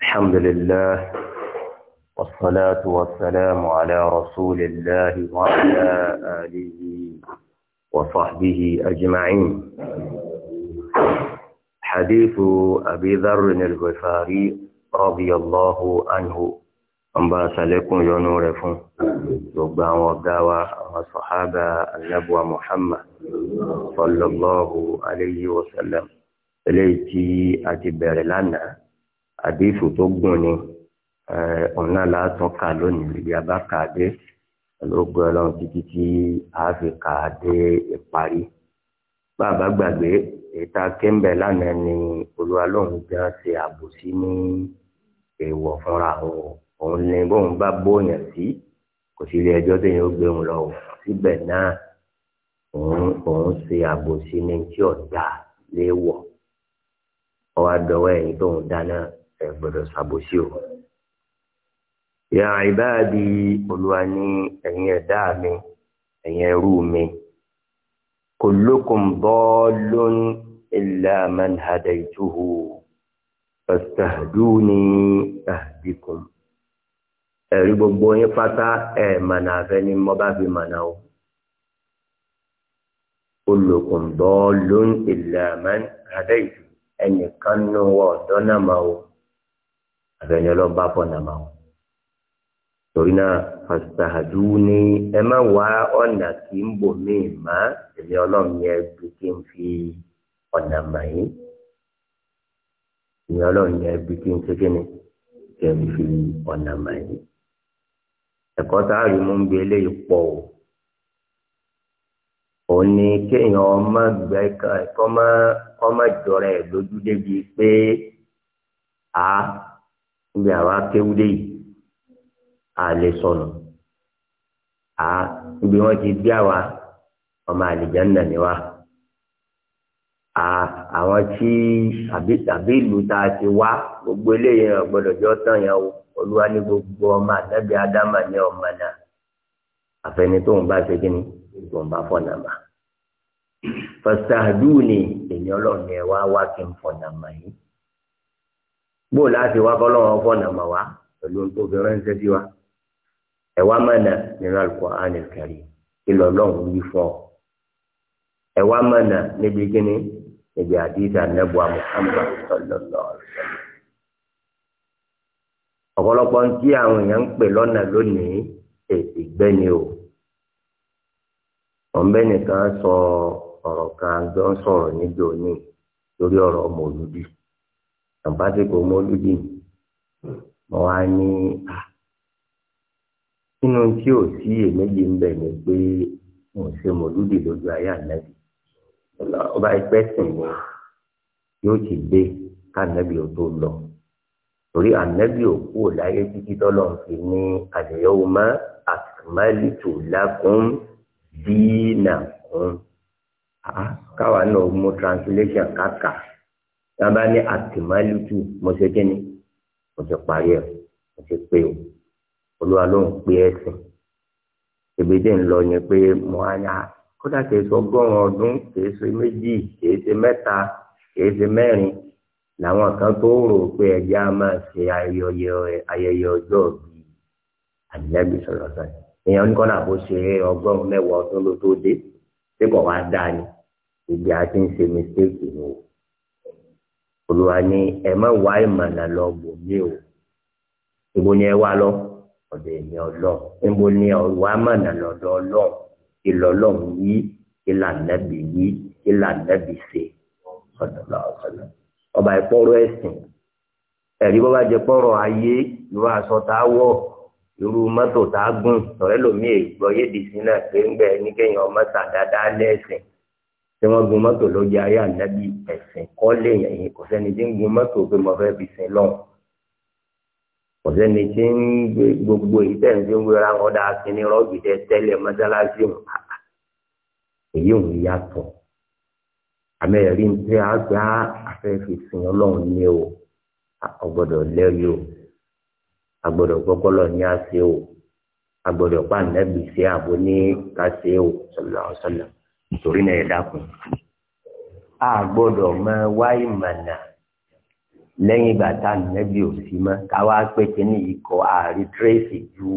الحمد لله والصلاة والسلام على رسول الله وعلى آله وصحبه أجمعين حديث أبي ذر الغفاري رضي الله عنه أمباس لكم ينور فن ربا والدعوة وصحابة النبوة محمد صلى الله عليه وسلم ليتي أتبار لنا àdéhùn tó gùn ni ọ̀nà látún kà lónìí ibi abáka dé ológun ọlọ́run títí tí a fi kà á dé ìparí bàbá gbàgbé ìta kẹ́ńbẹ̀ lánàá ni olúwa lóun gan ṣe àbòsí ní èèwọ̀ fúnra òun òun ni bóun bá bóyàn sí kò sí ilé ẹjọ́ téèyàn ó gbé òun lọ síbẹ̀ náà òun òun ṣe àbòsí ní tí ọ̀dà léèwọ̀ ọwọ́ àdọ́wọ́ ẹ̀yìn tóun dáná ẹ gbọ́dọ̀ ṣàbòsí o. Ya ibadi olúwa ní ẹ̀yin ẹ̀dá mi ẹ̀yin ẹrú mi kullukum dallun illa man hadaytuhu fastahduni ahdikum ẹ̀rí gbogbo yín pátá ẹ̀ mànà àfẹ́ ni mo bá fi mànà o. kullukum dallun illa man hadaytuhu ẹnìkan nù wọ́n dọ́nà máa o. àfẹnẹ lọ bá fọ̀nà mà wọn. torí náà fàṣàdù ni ẹ má wá ọ̀nà kí n bò mí mà èmi ọlọ́run yẹn bí kí n fi ọ̀nà mà yín èmi ọlọ́run yẹn bí kí n ṣe kí ni kí n fi ọ̀nà mà yín. ẹ̀kọ́ tá a rí mú ń gbé eléyìí pọ̀ o ni kéèyàn ọmọ gbẹ níbi àwa kéwúdé yìí a lè sọnù a níbi wọn ti bí àwa ọmọ àlìjánnà ni wa a àwọn tí àbí ìlú tá a ti wá gbogbo eléyìí rẹ gbọ́dọ̀ jọ tán yẹn o olúwa ní gbogbo ọmọ àtẹbí ádámà ní ọmọ náà àfẹni tó ń bá ṣe kí ni tó ń bá fọ̀nà mà fọsàdúù ni ènìyàn ọlọ́run ẹ wá wá kí n fọ̀nà mà yìí bó o láti wá kọ́ lọ́wọ́ fọ́nà mà wá pẹ̀lú obìnrin ránṣẹ́ sí wa ẹ wá mọ̀nà nínú Al-Qur'an al-Karim ìlọ lọ́hùn yìí fọ́ ẹ wá mọ̀nà níbi kíni níbi àdìsá nẹ́bùà Muhammad sallallahu alaihi wasallam ọ̀pọ̀lọpọ̀ ń tí àwọn èèyàn ń pè lọ́nà lónìí ìgbẹ́ni o ọ̀nbẹ́nìkan sọ ọ̀rọ̀ kan jọ sọ̀rọ̀ níjọ́ ní lórí ọ̀rọ̀ mọ̀lúdì àbásìkò mọ́lúdì hmm. mo wá ní à ah, nínú tí ò sí èméjì ń bẹ̀ ni pé mo ṣe mọ́lúdì lójú ayé ànábì ọba ẹgbẹ́ sìn ni yóò ti dé kánẹ́bì ó tó lọ torí ànábì ò kú ò láyé títí tọ́lọ́ fi ní àdéhùn mọ́ àtìmálìtò lákùn dínà kún káwa náà mú translation káka tá ní àtìmálùtù mo ni mo ṣe parí ẹ mo ṣe pé o olúwa ló ń pé ẹsìn ebi dé ń lọ yẹn pé mo á yá kódà kìí ṣe ọgọ́rùn ọdún kìí ṣe méjì kìí ṣe mẹ́ta kìí ṣe mẹ́rin làwọn kan tó rò pé ẹjẹ á máa ṣe ayẹyẹ ọjọ́ bíi àdìlẹ́bí sọ̀rọ̀ sọ̀rọ̀ èèyàn ní kọ́nà bó ṣe ọgọ́rùn mẹ́wàá ọdún ló tó dé ṣé kò wá dáa ni ìgbà tí ń ṣe mistake ni o. olùwà ni ẹ má wá ìmọ̀nà lọ bò mí o ibo ni ẹ wá lọ ọ̀dọ̀ èmi ọlọ, ibo ni ẹ mọ̀nà lọ́dọ̀ ọlọ́ọ̀ ìlọ́lọ́ọ̀ yí ìlànàbì yí ìlànàbì ṣe ọ̀dọ̀lá ọ̀dọ̀lá ọba ìpọ́rọ̀ ẹ̀sìn ẹ̀rí bọ́ba jẹ pọ́rọ̀ ayé aṣọ tá a a gùn gbọ́ sí náà pé tí wọ́n gun mọ́tò lọ́jọ́ ayé ànábì ẹ̀sìn kọ́ léèyàn yìí kò sẹ́ni tí ń gun mọ́tò pé mo fẹ́ fi sin lọ́hùn kò sẹ́ni tí ń gbogbo èyí tẹ̀ ń fi ń wéra wọn dáa sí ní rọ́ọ̀gì tẹ tẹ́lẹ̀ mọ́sálásí òun èyí òun yàtọ̀ àmì ẹ̀rí ń tẹ́ àgbà afẹ́ fi sin ọlọ́run ní o ọgbọ́dọ̀ lẹ́yìn o agbọ́dọ̀ gbọ́kọ́lọ̀ ní àṣẹ o agbọ́dọ̀ pàǹdẹ́bì sí àbò ní o sallallahu alaihi nítorí náà ẹ dákun a gbọ́dọ̀ máa wáyé ìmọ̀nà lẹ́yìn ìgbà tá a nẹ́bí ò sí pé kíní ju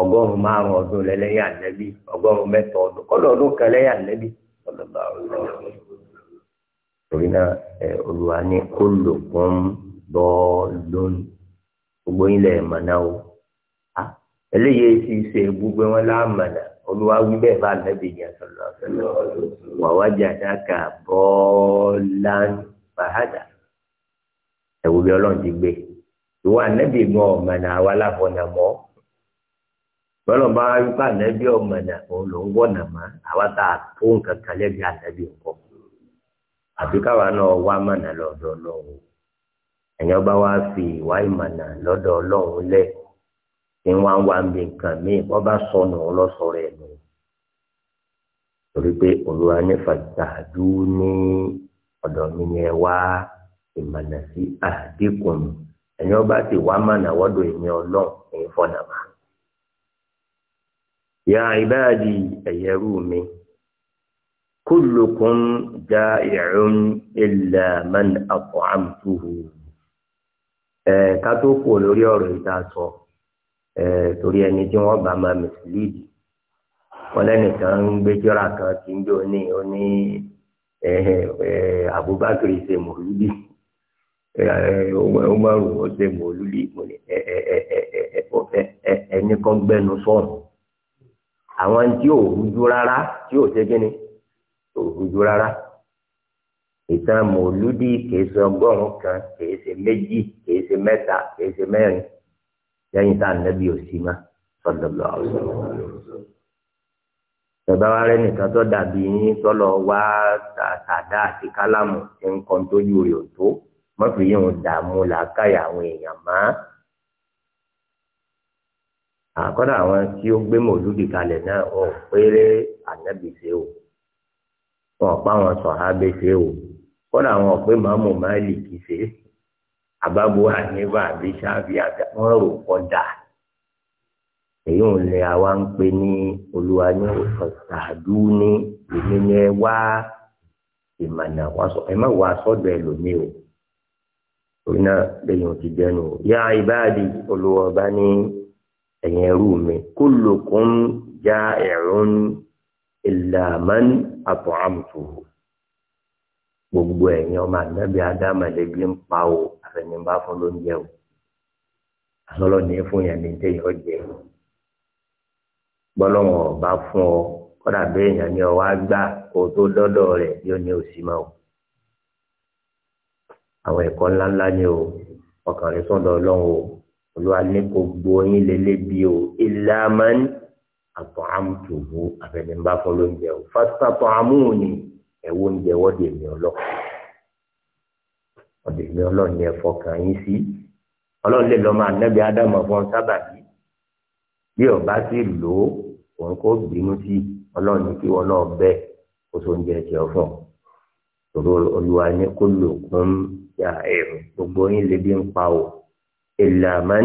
ọgọ́rùn márùn ọdún lẹ́yìn ànẹ́bí ọgọ́rùn-ún ọdún kọ́dọ̀ ọdún kan lẹ́yìn ànẹ́bí ọlọ́ba ọlọ́run torí náà ẹ olùwà kó lò fún gbogbo yín olúwa wí bẹ́ẹ̀ bá nẹ́bí yẹn sọ̀rọ̀ sọ̀rọ̀ wàwájàdáka bọ́ọ̀lán fàhádà ẹ̀wù bí ọlọ́run ti gbé ìwọ ànẹ́bí mọ́ ọ̀mọ̀nà àwa láfọ̀nà mọ́ bọ́lọ̀ bá wá wípé ànẹ́bí ọ̀mọ̀nà òun ló ń wọ̀nà mọ́ àwa tá a tó nǹkan kan lẹ́bi ànẹ́bí ọ̀pọ̀ àbí káwa náà wá mọ̀nà lọ́dọ̀ ọlọ́run ẹ̀yàn bá wá fi ìwà ìmọ̀nà lọ́dọ̀ ọlọ́run lẹ́ẹ̀ tí wọ́n ń nǹkan bá sọnù ọlọ́sọ̀rọ̀ rẹ nù. torí pé olúwa ní fàtàdú ní ọ̀dọ̀ mi ni ẹ wá ìmọ̀nà sí àdínkùn ẹni wọ́n ti wá mọ̀nà wọ́dọ̀ ọlọ́run fọ́nà ya ibadi ẹ̀yẹrú mi ee ja'i'un illa man at'amtuhu. ẹ̀ka tó Eh, torí ẹni tí wọ́n bá máa mẹsìlíìdì wọn lẹ́nìkan ń gbé jọ́ra kan tí ń jọ ní oní eh, eh, Abubakar ṣe mòlúdì Umaru ṣe mòlúdì ẹni kan gbẹnu sọ̀rọ̀ àwọn tí ò rújú rárá tí ò ṣe kí ni ò rújú rárá ìtàn mòlúdì kìí ṣe ọgọ́rùn-ún kan kìí ṣe méjì kìí ṣe mẹ́ta kìí ṣe mẹ́rin lẹ́yìn tá ànábì ò sí má sọ̀dọ̀lọ́ ọ̀sọ̀. bàbá wa rẹ nìkan tó dàbí yín tọ́lọ wá tàdá àti kálámù tí ń kan tó yúre ò tó mọ́tò yìí ń dààmú làákàyà àwọn èèyàn má. àkọ́dà àwọn tí ó gbé mòlúdì kalẹ̀ náà wọn ò péré ànábì ṣe o wọn pa àwọn sọ̀hábẹ́ ṣe o kọ́dà àwọn ò màmú máìlì kì ṣe é àbábọ̀ àníbà àbí sáfì wọ́n rò kọjá èyí ò lè àwa ń pè ní olúwa ní ọ̀sàdú ní èmi ní ẹ wá ìmọ̀nà ẹ má wàá sọ́dọ̀ ẹ lómi o torí náà lẹ́yìn òtí dẹnu yá ìbáàdì olúwa ọba ní ẹ̀yìn ẹrú mi kullukum ja'irun illa man at'amtuhu gbogbo ẹ̀yin ọmọ ànábì ádámà lẹ́bí ń pa o àfẹnìmbá fún lóúnjẹ o àsọlọ ní fún yẹn ní tẹ́yìn ọjẹ́ gbọ́lọ́wọ́n ọba fún ọ kọ́dà bẹ́ẹ̀ yẹn ni ọwọ́ àgbà kó tó dọ́dọ̀ rẹ̀ yóò ní òsì mọ́ o àwọn ẹ̀kọ́ ńláńlá ni o ọkàn rẹ̀ sọ́dọ̀ ọlọ́run o olúwa ní kò gbó yín lélẹ́ bí o ìlàmán àtọ̀ àmùtòwò àfẹnìmbá fún lóúnjẹ o fásitì àtọ̀ ni ẹ̀wọ́ oúnjẹ wọ́dẹ̀ mi ọlọ́ ọ̀dẹ̀ mi ọlọ́ ni ẹ̀fọ́ kan yín sí ọlọ́run lè lọ máa nẹ́bí ádámọ̀ fún sábàbí bí ọba sì lò ó òun kò bínú sí ọlọ́run ní kí wọn náà bẹ́ kó tó oúnjẹ jẹ fún ọ tòró olúwa kó lò kún ya ẹ̀rù gbogbo yín lè bí ń pa o ìlàmán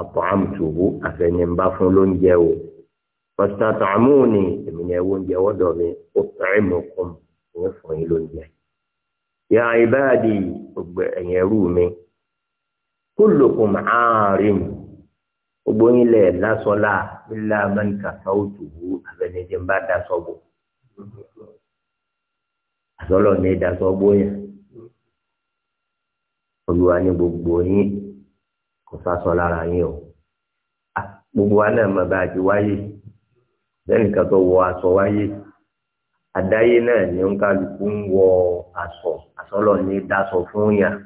àpọ̀hámùtòwó àfẹnìmbá fún lóúnjẹ o pọ̀sítàtàmù ni èmi ni ẹ̀wọ̀ oúnjẹ wọ́dọ̀ mi ó fẹ́rẹ̀ mọ́ kún wọ́n fún yín lóúnjẹ. Ya ibadi gbogbo ẹ̀yìn ẹrú mi kullukum aarin gbogbo yín lẹ̀ lásọ̀lá illa man kasawtuhu abẹnidẹ́ ń bá daṣọ́ bò. Àsọ̀lọ̀ ní daṣọ́ bò yẹn. Olúwa ní gbogbo yín kò sásọ lára yín o. Ah, gbogbo wa náà mọ̀ bá a ti wáyé. Bẹ́ẹ̀ni kan wọ aṣọ wáyé àdáyé náà ni ó ń kálukú ń wọ aṣọ aṣọlọ ní daṣọ fún yàn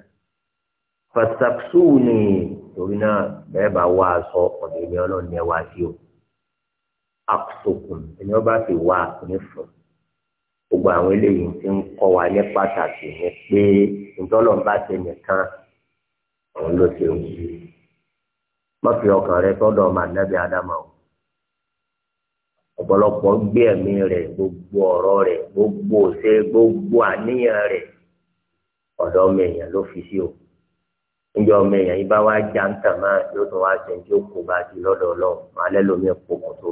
fasaksu ni torí náà bẹ́ẹ̀ bá wá aṣọ ọ̀dọ̀ ènìyàn náà ní ẹwà sí o akusokun ènìyàn bá fi wá nífun gbogbo àwọn eléyìí ti ń kọ́ wa ní pàtàkì ni pé ìtọ́lọ̀ bá ti nìkan òun ló ti wù má fi ọkàn rẹ tọ́dọ̀ ọmọ ànábì ádámà ọ̀pọ̀lọpọ̀ gbé ẹ̀mí rẹ̀ gbogbo ọ̀rọ̀ rẹ̀ gbogbo ṣe gbogbo àníyàn rẹ̀ ọ̀dọ̀ ọmọ èèyàn ló fi sí o níjọ ọmọ èèyàn yìí bá wá já ń tàn máa yóò tún wá ṣe tí ó kó bá ti lọ́dọ̀ ọlọ́run máa lẹ́lò mí kó kò tó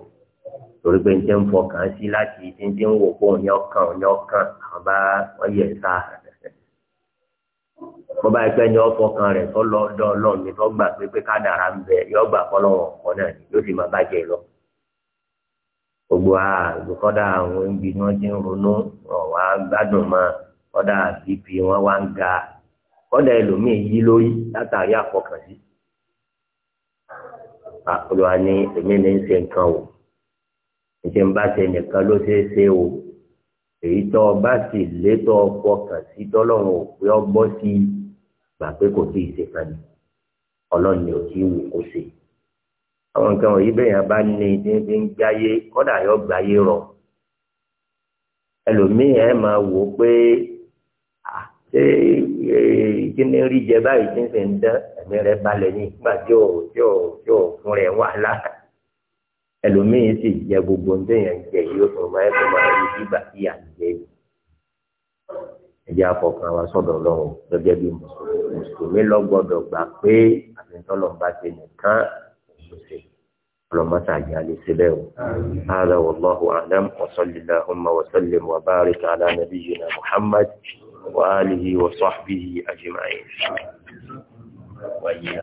torí pé n ti ń fọkàn sí láti ti ń ti ń wò fóun ní ọkàn ní ọkàn àwọn bá wọ́n yẹ̀ sá bó bá pẹ́ ní ọfọkàn rẹ̀ tó lọ́dọ̀ ọlọ́run ní tó gbà pé pé kádàrá ń bẹ yọ gbogbo àgbò kọ́dà àwọn ibi ni wọ́n ti ń ronú ọ̀wá gbádùn mọ́ kọ́dà bp wọn wá ń ga kọ́dà ẹlòmíì yí lórí látàrí àfọkànsí. olùwà ni èmi ní ń ṣe nǹkan o ìṣe ń bá ṣe nìkan ló ṣeé ṣe o èyí tó o bá sì létò ọfọkàn sí tọ́lọ́run ò pé ọ bọ́ sí gbà pé kò tí ì ṣe kan ní ọlọ́run ni ò tí ì wù kó ṣe àwọn nǹkan wọ̀nyí bẹ́ẹ̀ yẹn bá ní ní ń gbáyé kọ́dà yọ gbáyé rọ ẹlòmíì ẹ máa wò pé ṣé kí ni rí jẹ báyìí tí ń fi ń dán ẹ̀mí rẹ balẹ̀ ní ìgbà tí ò tí ò tí ò fún rẹ wàhálà ẹlòmíì sì jẹ gbogbo ń bẹ́ẹ̀ yẹn jẹ yìí ó fún ọmọ ẹ fún ọmọ ẹ nígbà tí à ń jẹ yìí ẹjẹ afọkàn wa sọ́dọ̀ lọ́wọ́ gẹ́gẹ́ bí mùsùlùmí lọ gbà pé àmì tọlọmọba ti nìkan المسلمين اللهم تعالى سبيل هذا والله أعلم وصل اللهم وسلم وبارك على نبينا محمد وآله وصحبه أجمعين